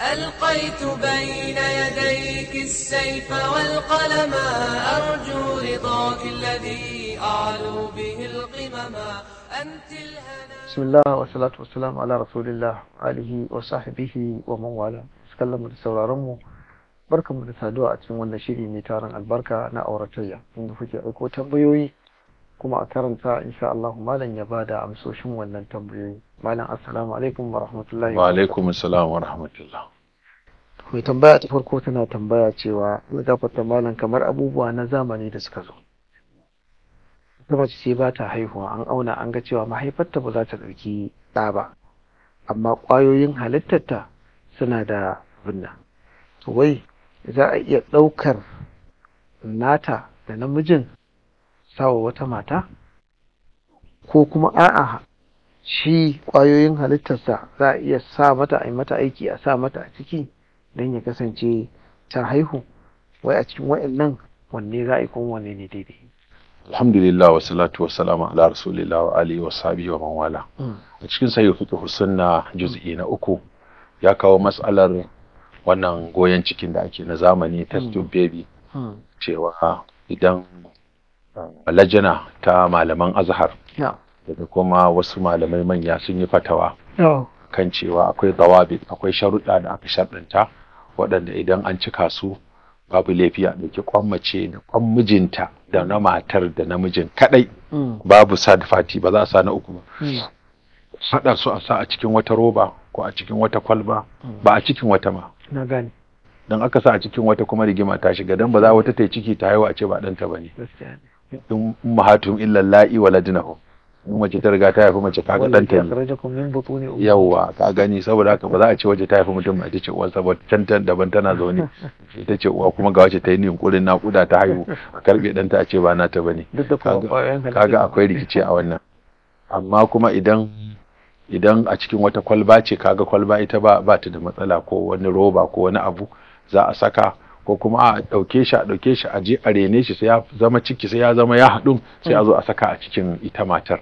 ألقيت بين يديك السيف والقلم أرجو رضاك الذي أعلو به القمم أنت الهنا بسم الله والصلاة والسلام على رسول الله آله وصحبه ومن والاه تكلم da sauraron mu da saduwa a cikin wannan shiri mai taron albarka na auratayya inda kuke aiko tambayoyi kuma a karanta insha Allah malam ya bada amsoshin wannan tambayoyi malam assalamu alaikum wa rahmatullahi wa alaikum assalam wa rahmatullah mai tambaya ta farko tana tambaya cewa zai gafarta malam kamar abubuwa na zamani da suka zo ta mace ce ba ta haihuwa an auna an ga cewa mahaifarta ba za ta ɗauki ɗa ba amma ƙwayoyin halittarta suna da binna wai za a iya ɗaukar nata da namijin sawa wata mata ko kuma a'a shi ƙwayoyin halittarsa za a iya sa mata a yi mata aiki a sa mata a ciki don ya kasance ta haihu wai a cikin wa'annan wanne za a yi kuma wanne ne daidai alhamdulillah wa salatu wa salama ala rasulillah wa alihi wa sahbihi wa manwala hmm. a cikin sayyid fiqh sunna juz'i na uku ya kawo matsalar wannan goyon cikin da ake na zamani test tube hmm. baby hmm. cewa idan lajina ta malaman azhar daga kuma wasu malamai manya sun yi fatawa kan cewa akwai zawabit akwai sharuɗa da aka sharɗanta waɗanda idan an cika su babu laifi a ɗauki kwan mace da kwan mijinta da na matar da namijin kaɗai mm. babu sadfati fati ba za a sa na uku ba mm. haɗa su a sa a cikin wata roba ko a cikin wata kwalba mm. ba a cikin wata ma na gane dan aka sa a cikin wata kuma rigima ta shiga dan ba za wata ta ciki ta haihu a ce ba ɗanta ba ne ummahatum illa la'i waladnahu in mace ta riga ta haifi mace kaga danta ta yawa ka gani saboda haka ba za a ce wace ta haifi mutum ita ce uwarsa ba tantan daban tana zaune ita ce uwa kuma ga wace ta yi yunkurin nakuda ta haihu a karbe danta a ce ba nata bane kaga akwai rikici a wannan amma kuma idan idan a cikin wata kwalba ce kaga kwalba ita ba ba ta da matsala ko wani roba ko wani abu za a saka ko kuma a ɗauke shi a ɗauke shi a je a rene shi sai ya zama ciki sai ya zama ya haɗu sai a zo a saka a cikin ita matar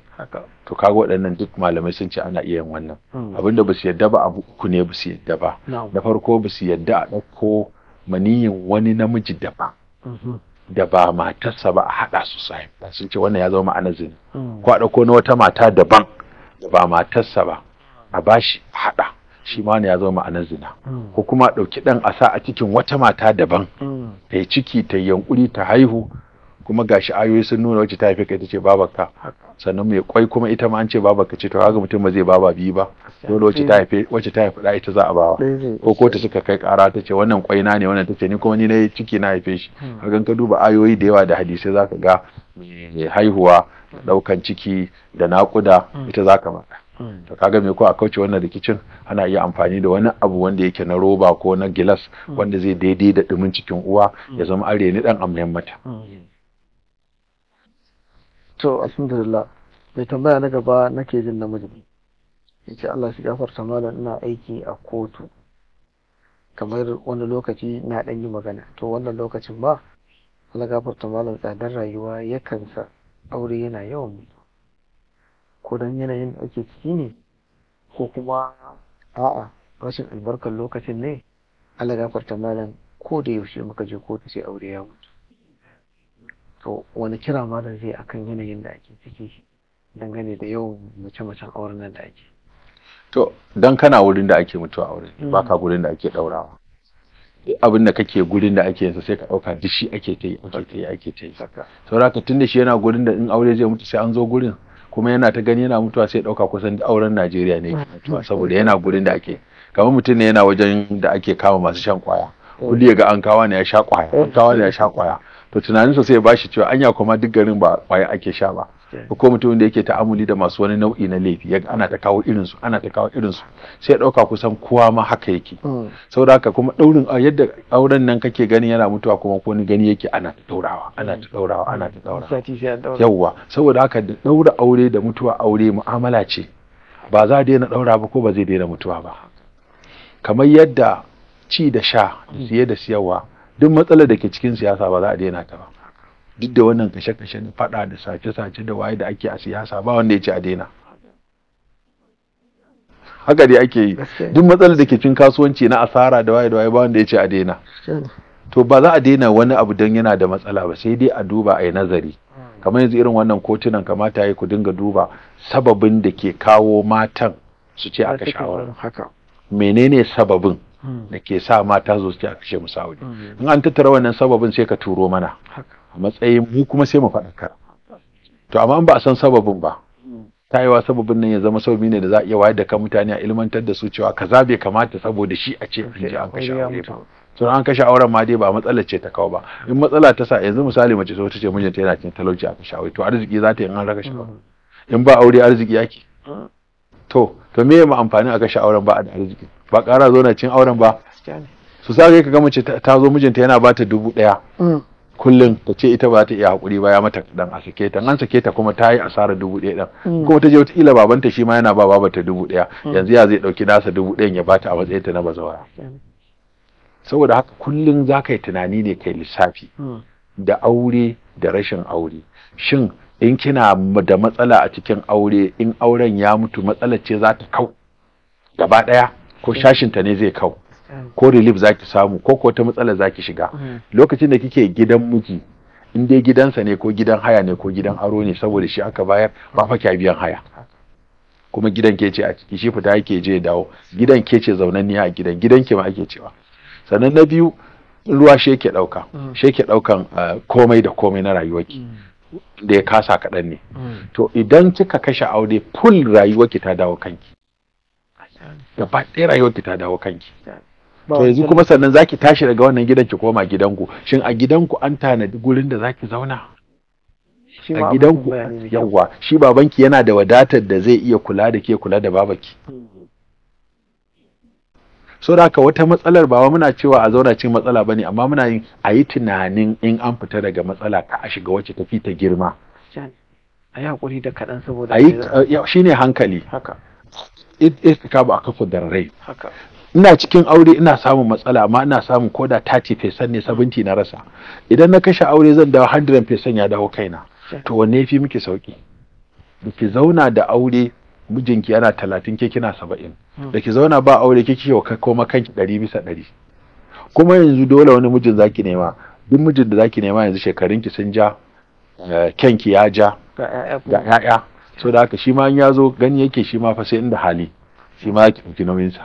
to kaga waɗannan duk malamai sun ce ana iya yin wannan hmm. abinda ba su yadda ba abu uku ne ba su yadda ba na farko ba su yadda a ɗauko maniyin wani namiji da ba mm-hmm. da ba matarsa ba a haɗa su sai sun ce wannan ya zama ma'ana zini hmm. ko a ɗauko na wata mata daban da ba matarsa ba a bashi a haɗa shi ma ya zama ma'anar zina mm. ko kuma ɗauki ɗan asa a cikin wata mata daban mm. ta yi ciki ta yi yankuri ta haihu kuma gashi ayoyi sun nuna wacce ta haife ka ita ce babarka sannan mai kwai kuma ita ma an ce babarka ce to kaga mutum ba zai baba biyu ba dole wacce ta haifi wacce ta da ita za a bawa ko ko ta suka kai kara ta ce wannan kwai na ne wannan ta ce ni kuma ni na ciki na haife shi mm. kaga ka duba ayoyi da yawa da hadisai zaka ga haihuwa daukan ciki da naƙuda ita zaka maka Hmm. to kaga me ko a kauce wannan rikicin ana iya amfani da wani abu wanda yake na roba ko na gilas hmm. wanda zai daidai da dumin cikin uwa hmm. ya zama are ni dan amnan mata to alhamdulillah mai tambaya na gaba nake jin namiji yace Allah shi gafarta malam ina aiki a kotu kamar wani lokaci na dan yi magana to wannan lokacin ba Allah gafarta malam tsadar rayuwa yakan sa aure yana yawan ko don yanayin da ake ciki ne ko kuma a'a rashin albarkar lokacin ne Allah ya kwarta malam ko da yaushe muka je kotu sai aure ya mutu to wani kira da zai akan yanayin da ake ciki dangane da yawan mace-macen auren nan da ake to dan kana wurin da ake mutuwa aure mm. baka gurin da ake daurawa abin da kake gurin da ake yansa sai ka ɗauka duk shi ake ta yi ake ta yi ake ta yi saboda haka tun da shi yana gurin da in aure zai mutu sai an zo gurin kuma yana ta gani yana mutuwa sai ɗauka kusan auren Najeriya ne mutuwa saboda yana gurin da ake kamar mutum ne yana wajen da ake kama masu shan kwaya kudi ga an kawa ne ya sha kwaya an kawa ne ya sha kwaya to tunanin sosai ya bashi cewa anya kuma duk garin ba kwaya ake sha ba ko mutumin da yake ta'amuli da masu wani nau'i na laifi ya ana ta kawo irin su ana ta kawo irin su sai ya dauka kusan kowa ma haka yake mm. saboda haka kuma daurin yadda auren nan kake gani yana mutuwa kuma ko ni gani yake ana ta daurawa ana ta daurawa ana ta daurawa yawwa saboda haka daura aure da mutuwa aure mu'amala ce ba za a daina daura ba ko ba zai daina mutuwa ba kamar yadda ci da sha mm. siye da siyarwa duk matsalar da ke cikin siyasa ba za a daina ta ba duk da wannan kashe-kashe na faɗa da sace-sace da waye da ake a siyasa ba wanda ya ce a daina haka dai ake yi duk matsalar da ke cin kasuwanci na asara da waye da waye ba wanda ya ce a daina to ba za a daina wani abu don yana da matsala ba sai dai a duba a yi nazari hmm. kamar yanzu irin wannan kotunan kamata ya yi ku dinga duba sababin da ke kawo matan su ce aka shawara menene sababin hmm. da ke sa mata zo su ce aka ce musauri hmm. in an tattara wannan sababin sai ka turo mana a matsayin mu kuma sai mu faɗakar to amma ba a san sababin ba tayewa sababin nan ya zama sababi ne da za a iya wayar da kan mutane a ilmantar da su cewa kaza bai kamata saboda shi a ce an ji an kashe aure ba to an kashe auren ma dai ba matsalar ce ta kawo ba in matsala ta sa yanzu misali mace ta ce mijinta yana cin talauci a kashe aure to arziki za ta yi an raka shi in ba aure arziki yake to to me ya amfani a kashe auren ba a da arziki ba ƙara zo na cin auren ba su sa ka ga mace ta zo mijinta yana ba ta dubu ɗaya mm. kullum ta ce ita ba ta iya hakuri ba ya mata dan a sake ta an sake ta kuma ta yi asara dubu ɗaya ɗan mm. kuma ta je wata ila babanta shi ma yana ba baba ta dubu ɗaya mm. yanzu ya zai ɗauki nasa dubu ɗayan ya bata a matsayin ta na bazawara saboda haka kullum za ka yi tunani ne kai lissafi mm. da aure da rashin aure shin in kina da matsala a cikin aure in auren ya mutu matsalar ce za ta kau gaba ɗaya ko shashinta ne zai kau ko relief zaki samu ko ko ta matsala zaki shiga mm. lokacin da kike gidan miji in dai gidansa ne ko gidan haya ne ko gidan aro ne saboda shi aka bayar ba fa kya biyan haya kuma gidan ke ce a ciki shi fita yake je dawo gidan ke ce zaunanniya a gidan gidan ke ma ake cewa sannan na biyu ruwa shi ke ɗauka mm. shi ke ɗaukan eh, komai da komai na rayuwarki mm. da ya kasa kaɗan ne to idan kika kashe aure full rayuwarki ta dawo kanki gaba ɗaya rayuwarki ta dawo kanki to yanzu kuma sannan zaki tashi daga wannan gidan ki koma gidanku shin a gidanku an tanadi gurin da zaki zauna a gidanku yawwa shi babanki yana da wadatar da zai iya kula da ke kula da babaki so da haka wata matsalar ba muna cewa a zauna cikin matsala bane amma muna yin a yi tunanin in an fita daga matsala ka a shiga wacce ta fi ta girma a yi hakuri da kaɗan saboda shi ne hankali haka istikama a kafa rai ina cikin aure ina samun matsala amma ina samun koda 30 fesan ne 70 na rasa idan na kashe aure zan dawo 100 fesan ya dawo kaina to wanne yafi miki sauki ki zauna da aure mijinki yana talatin ke kina saba'in hmm. da ki zauna ba aure kike yau koma kanki 100 bisa 100 kuma yanzu dole wani mijin zaki nema duk mijin da zaki nema yanzu shekarunki sun ja eh, kyanki ya ja ga 'ya'ya so da haka shi ma ya zo gani yake shi ma fa sai inda hali shi ma yake nauyin sa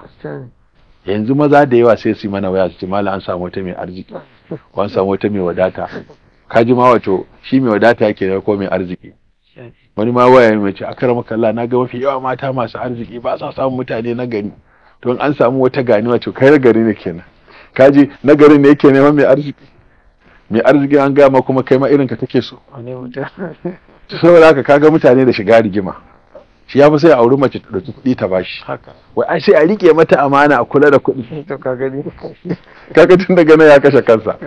yanzu maza da yawa sai su yi mana waya su ce malam an samu wata mai arziki ko an samu wata mai wadata ka ji ma wato shi mai wadata yake da ko mai arziki wani ma waya mai ce akara makalla na ga mafi yawa mata masu arziki ba sa samun mutane na gani to an samu wata gani wato kai gari ne kenan kaji na gari ne yake neman mai arziki mai arziki an ma kuma kai ma irin ka take so saboda haka kaga mutane da shiga rigima shi ya fi sai auri mace da kuɗi ta bashi wai ai sai a rike mata amana a kula da kuɗi kaga tun daga nan ya kashe kansa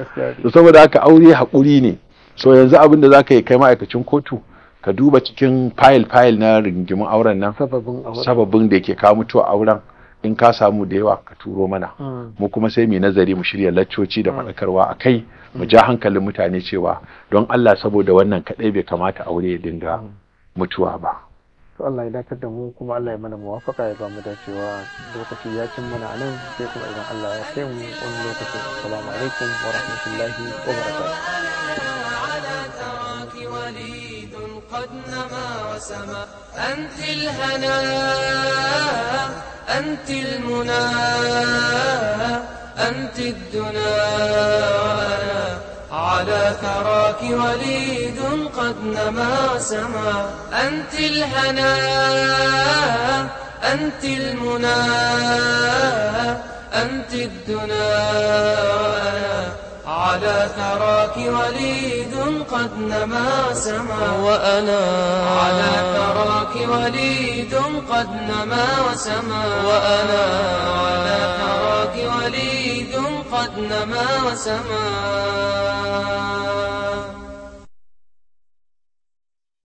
saboda haka aure haƙuri ne so yanzu abin da zaka yi kai ma'aikacin kotu ka duba cikin fayil fayil na rigimin auren nan sababin da ke kawo mutuwa auren in ka samu da yawa ka turo mana mm. mu kuma sai mu nazari mu shirya laccoci da mm. faɗakarwa a kai mu mm. ja hankalin mutane cewa don Allah saboda wannan kaɗai bai kamata aure ya dinga mutuwa ba to Allah ya dakar da mu kuma Allah ya mana muwafaka ya ba mu dacewa lokaci ya cin mana anan sai kuma idan Allah ya kai mu wani lokaci assalamu alaikum wa rahmatullahi wa barakatuh أنت الهنا أنت المنى أنت الدنا وأنا على ثراك وليد قد نما سما أنت الهنا أنت المنى أنت الدنا وأنا على ثراك وليد قد نما سما وأنا على ثراك وليد قد نما سما وأنا على ثراك وليد قد نما سما